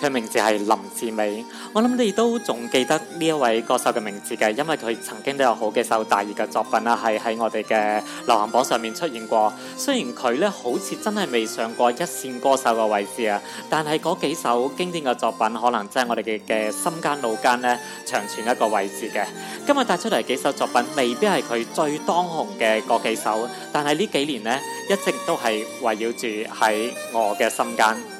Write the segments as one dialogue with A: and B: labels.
A: 佢名字係林志美，我諗你都仲記得呢一位歌手嘅名字嘅，因為佢曾經都有好幾首大熱嘅作品啦，係喺我哋嘅流行榜上面出現過。雖然佢咧好似真係未上過一線歌手嘅位置啊，但係嗰幾首經典嘅作品，可能真係我哋嘅嘅心間腦間咧長存一個位置嘅。今日帶出嚟幾首作品，未必係佢最當紅嘅嗰幾首，但係呢幾年咧一直都係圍繞住喺我嘅心間。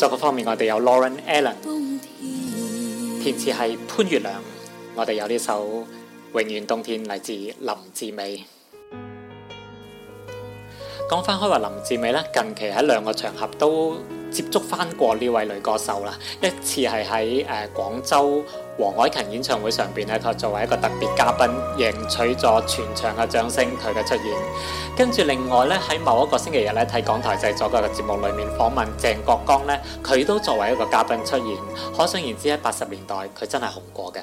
A: 作曲方面，我哋有 Lauren Allen，填詞係潘月良。我哋有呢首《永遠冬天》嚟自林志美。講翻開話林志美咧，近期喺兩個場合都。接觸翻過呢位女歌手啦，一次係喺誒廣州黃凱芹演唱會上邊咧，佢作為一個特別嘉賓，贏取咗全場嘅掌聲，佢嘅出現。跟住另外呢，喺某一個星期日呢，睇港台製作嘅節目裏面訪問鄭國江呢，佢都作為一個嘉賓出現。可想而知，喺八十年代佢真係紅過㗎。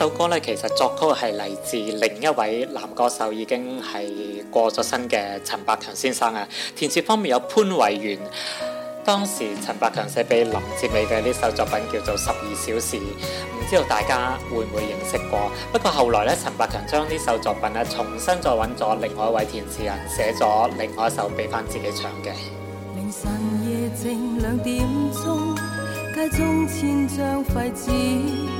A: 首歌咧，其實作曲係嚟自另一位男歌手，已經係過咗身嘅陳百強先生啊。填詞方面有潘偉源。當時陳百強寫俾林志美嘅呢首作品叫做《十二小時》，唔知道大家會唔會認識過？不過後來咧，陳百強將呢首作品咧，重新再揾咗另外一位填詞人寫咗另外一首俾翻自己唱嘅。
B: 凌晨夜靜兩點鐘，街中千張廢紙。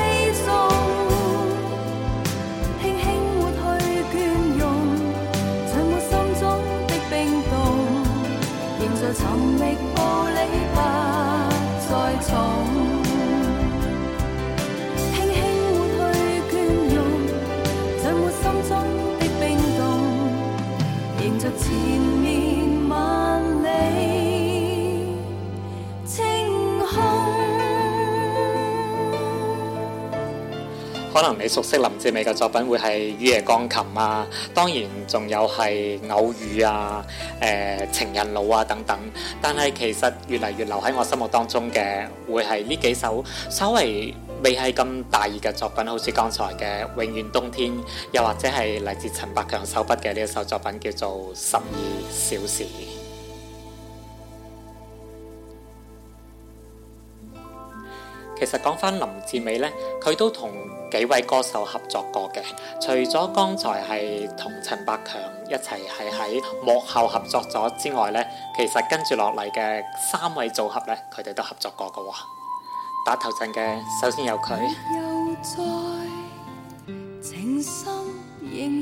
A: 可能你熟悉林志美嘅作品，會係《雨夜鋼琴》啊，當然仲有係《偶遇》啊、誒、呃《情人路》啊等等。但係其實越嚟越留喺我心目當中嘅，會係呢幾首稍微未係咁大熱嘅作品，好似剛才嘅《永遠冬天》，又或者係嚟自陳百強手筆嘅呢一首作品，叫做《十二小時》。其實講翻林志美呢，佢都同幾位歌手合作過嘅。除咗剛才係同陳百強一齊係喺幕後合作咗之外呢，其實跟住落嚟嘅三位組合呢，佢哋都合作過㗎喎。打頭陣嘅首先有佢。
B: 又在情深認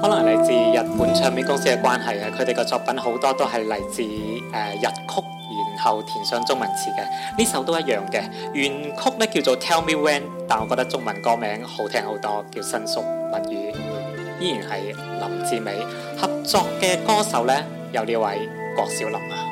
A: 可能嚟自日本唱片公司嘅關係啊，佢哋嘅作品好多都係嚟自誒、呃、日曲，然後填上中文詞嘅。呢首都一樣嘅，原曲呢叫做《Tell Me When》，但我覺得中文歌名好聽好多，叫《新宿物語》。依然係林志美合作嘅歌手呢，有呢位郭小林啊。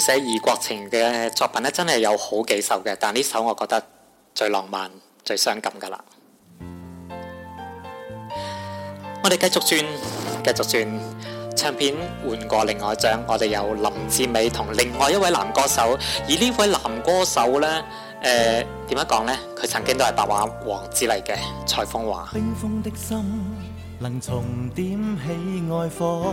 A: 寫異國情嘅作品咧，真係有好幾首嘅，但呢首我覺得最浪漫、最傷感噶啦。我哋繼續轉，繼續轉，唱片換過另外一張，我哋有林志美同另外一位男歌手，而呢位男歌手呢，誒、呃，點樣講咧？佢曾經都係白話王子嚟嘅，蔡楓華。「輕風的心，能重點起愛火。」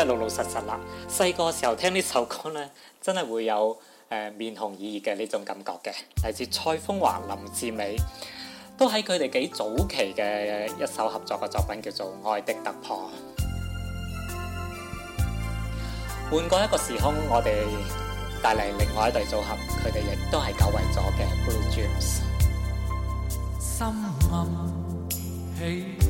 A: 真係老老實實啦！細個時候聽呢首歌呢，真係會有誒、呃、面紅耳熱嘅呢種感覺嘅，嚟自蔡楓華林志美，都喺佢哋幾早期嘅一首合作嘅作品，叫做《愛的突破》。換過一個時空，我哋帶嚟另外一隊組合，佢哋亦都係久違咗嘅 Blue Dreams。深暗起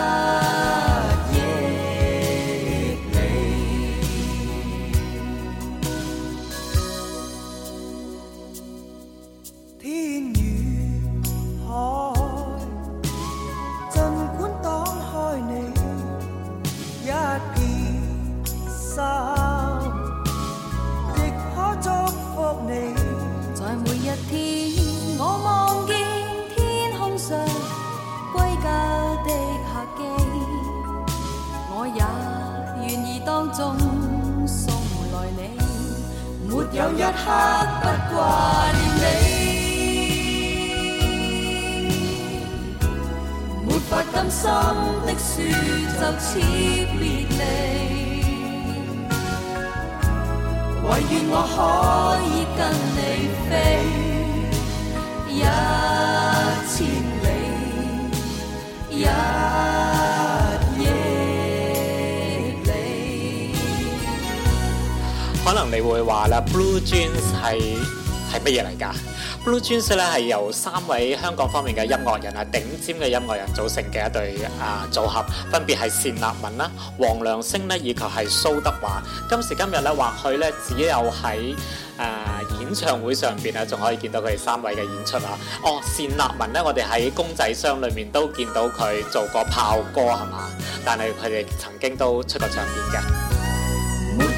A: 你會話啦，Blue Jeans 係係乜嘢嚟㗎？Blue Jeans 咧係由三位香港方面嘅音樂人啊，頂尖嘅音樂人組成嘅一對啊、呃、組合，分別係單立文啦、黃良昇咧，以及係蘇德華。今時今日咧，或許咧只有喺誒、呃、演唱會上邊啊，仲可以見到佢哋三位嘅演出啊。哦，單立文咧，我哋喺公仔箱裏面都見到佢做過炮歌係嘛，但係佢哋曾經都出過唱片嘅。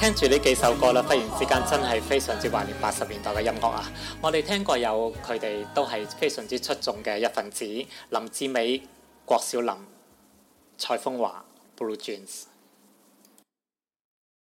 A: 聽住呢幾首歌啦，忽然之間真係非常之懷念八十年代嘅音樂啊！我哋聽過有佢哋都係非常之出眾嘅一份子，林志美、郭小林、蔡楓華、Blue Jeans